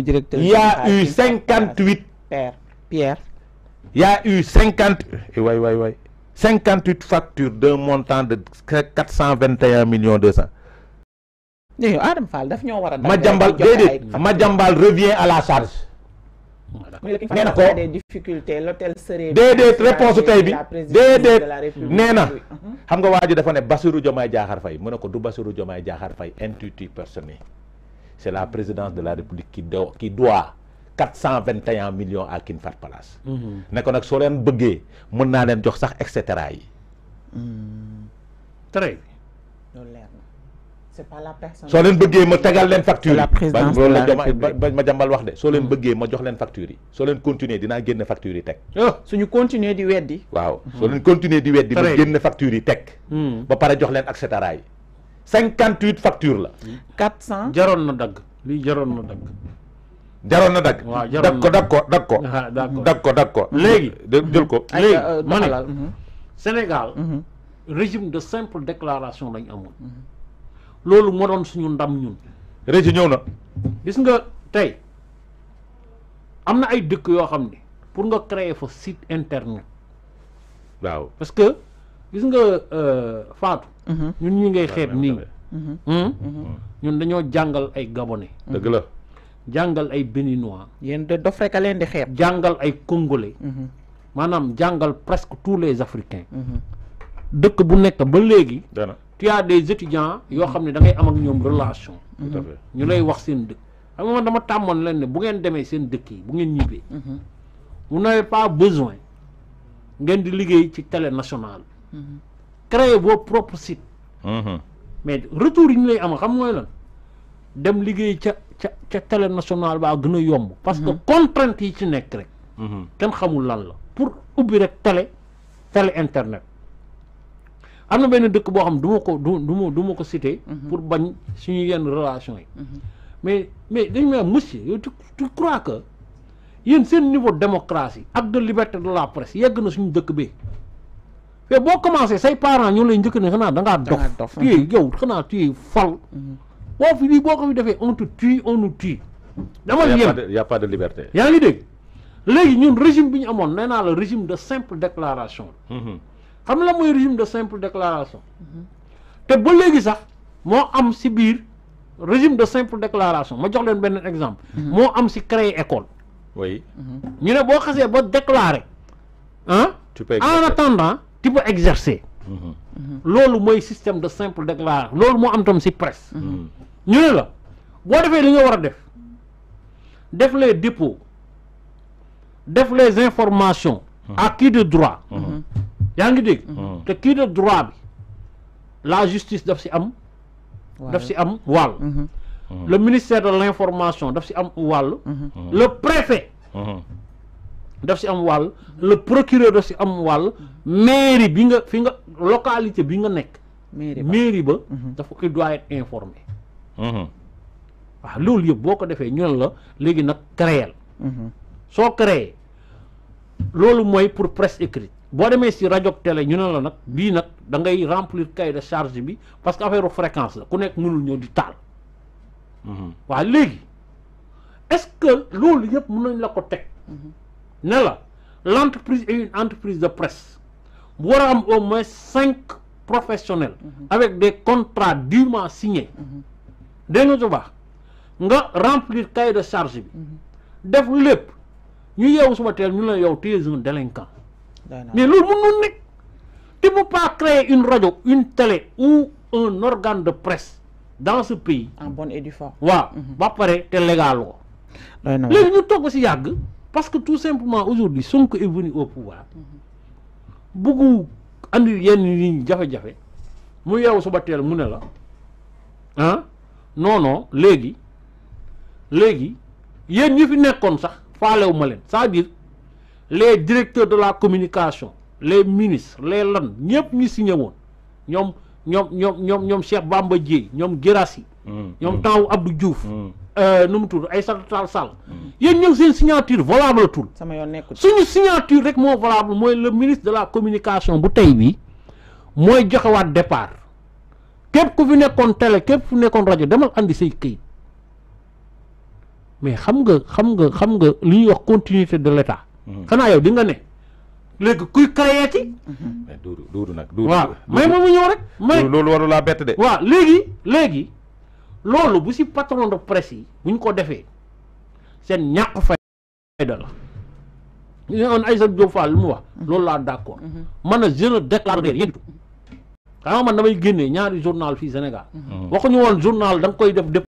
directeur. Il y a eu 58. Pierre. Pierre. Il y a eu 50. Et ouais, ouais, ouais. 58 factures d'un montant de 421 millions 200. Adam Fall, Majambal, de de Majambal revient à la charge. Voilà. Il y a Dédé, réponse de, de, de, de, de la Nena, vous savez, il y a des gens qui ont dit que Basurou Diomaye Diakhar Faye, il n'y a pas de Basurou Diomaye Diakhar Faye, intuitif personnel. c'est la présidence de la République qui doit qui doit 421 millions à Kinfar Fahd Palace. Mhm. ne ko nag soo leen bëggee mën naa leen jox sax et cetera mhm. très bien. loolu leer c'est pas la personne. soo leen bëggee ma tegal leen facture yi ba loolu la ba ma jàmbal wax de. soo leen mhm. bëggee ma jox leen facture yi. soo leen continuer dinaa génn facture yi teg. Oh, suñu continuer di weddi. waaw soo leen continuer di weddi. ma génn facture yi teg. ba pare jox leen et 58 factures là. 400 jaroon na dagg lii jaroon na dagg. D'accord d'accord d'accord. D'accord d'accord. na dagg ko dagg ko mhm. Sénégal. Mhm. régime de simple déclaration lañ amoon. loolu moo doon suñu ndam ñun. régime ñëw na. gis nga tey am na ay dëkk yoo xam ne pour nga créer fa site internet. waaw parce que gis nga euh, Fatou. Mhm. ñun ñi ngay xeeb nii. Mhm. Hmm? Mhm. ñun dañoo jàngal ay gabonais. dëgg la jàngal ay béninois. yéen de dof rek a leen di xeeb. jàngal ay congolais. maanaam jàngal presque tous les africains. dëkk bu nekk ba léegi. tu as des étudiants yoo xam ne da ngay am ak ñoom relation. ñu lay wax seen dëkk. xam nga man dama tàmmoon leen ne bu ngeen demee seen dëkk yi bu ngeen ñibbee. vous n'avez pas besoin ngeen di liggéey ci télé nationale. créer vos propres sites. Mhm. mais retour yi ñu lay am xam mooy lan dem liggéey ca ca ca télé nationale baa gën a yomb. parce que mhm. contrainte yi ci nekk rek. Mhm. kenn xamul lan la pour ubbi rek télé télé internet. am na benn dëkk boo xam du ma ko du du du ma ko cité. pour bañ suñu yenn relation yi. mais mais dañu may monsieur yow tu crois que yéen seen niveau démocratie ak de liberté de la presse yegg na suñu dëkk bi. mais boo commencé say parent ñoo lay njëkk ne xanaa da ngaa dof tuye yow xanaa tuye fal mm-hmm. boo fi lii boo ko fi defee on te tue on nous tue dama yem y a yaa ngi dégg léegi ñun régime bi ñu amoon nee naa la régime de simple déclaration mm-hmm. xam nga la mooy régime de simple déclaration mm-hmm. te ba léegi sax moo am si biir régime de simple déclaration ma jox leen benn exemple moo am si créer école oui ñu ne boo xasee ba déclarer ah en attendant tu peux exercer. le mm-hmm. le système de simple déclaration loolu le am tam ci presse. Mm-hmm. ñu ne la boo defee les dépôts def les informations. Mm-hmm. à qui de droit. -hmm. ngi dit te qui de droit la justice daf ci am. daf am le ministère de l'information daf ci am wàll. le préfet. daf si am wàll le procureur daf si am wàll mairie bi nga fi nga localité bi nga nekk mairie ba mhm. dafa il doit informé mhm. waa loolu yëpp boo ko defee ñu ne la léegi nag créer mhm. soo créer loolu mooy pour presse écrite boo demee si rajo télé ñu ne la nag bii nag da ngay remplir cahier de charge bi parce que affaire fréquence la ku nekk mënul ñëw di taal waaw léegi est-ce que loolu yëpp mën nañ la ko teg Nella, l'entreprise est une entreprise de presse Il y a au moins cinq professionnels mhm. avec des contrats dûment signés De nos su nga remplir cahier de charge bi mhm. def lépp nous yeewu suba teel ñu délinquant mais nous, ne noonu tu peux pas créer une radio une télé ou un organe de presse dans ce pays en bonne et due forme Oui, mhm. ba légal ko léegi ñu toog parce que tout simplement aujourd'hui Sonko est venu au pouvoir bëggu andi yenn ni jafé jafé mu yaw suba teel mu ne la hein ah, non non légui légui yenn ñi fi nekkon sax falew ma len c'est-à-dire les directeurs de la communication les ministres les lan ñëpp ñi signé won ñom ñom ñom ñom Cheikh Bamba djé ñom Guirassy ñoom mm. taw Abdou Diouf. Mm. Euh, nu mu tudd ay sal sal yeen ñëw seen signature valable tout sama yoon nekkul suñu signature rek mo valable moy le ministre de la communication bu tay bi moy joxe joxewaat départ képp ku fi nekkon télé képp fu nekkon radio demal andi say keuy mais xam nga xam nga xam nga li wax continuité de l'état mm. xana yow di nga ne. légui kuy créé ci. mais duuru nak nag. mais mo mu rek. mais lolu waru la bett de. wa légui légui loolu bu si patron de presse yi bu ñu ko defee seen ñàkk fayda la ñu on Aïssatou Diop Fall lu mu wax mm-hmm. loolu laa d'accord mm-hmm. man na je ne déclare rien du tout mm-hmm. xam nga man damay génnee ñaari journal fii Sénégal waxuñu woon journal da nga koy def